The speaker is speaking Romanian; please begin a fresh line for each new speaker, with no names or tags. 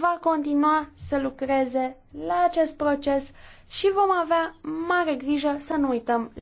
va continua să lucreze la acest proces și vom avea mare grijă să nu uităm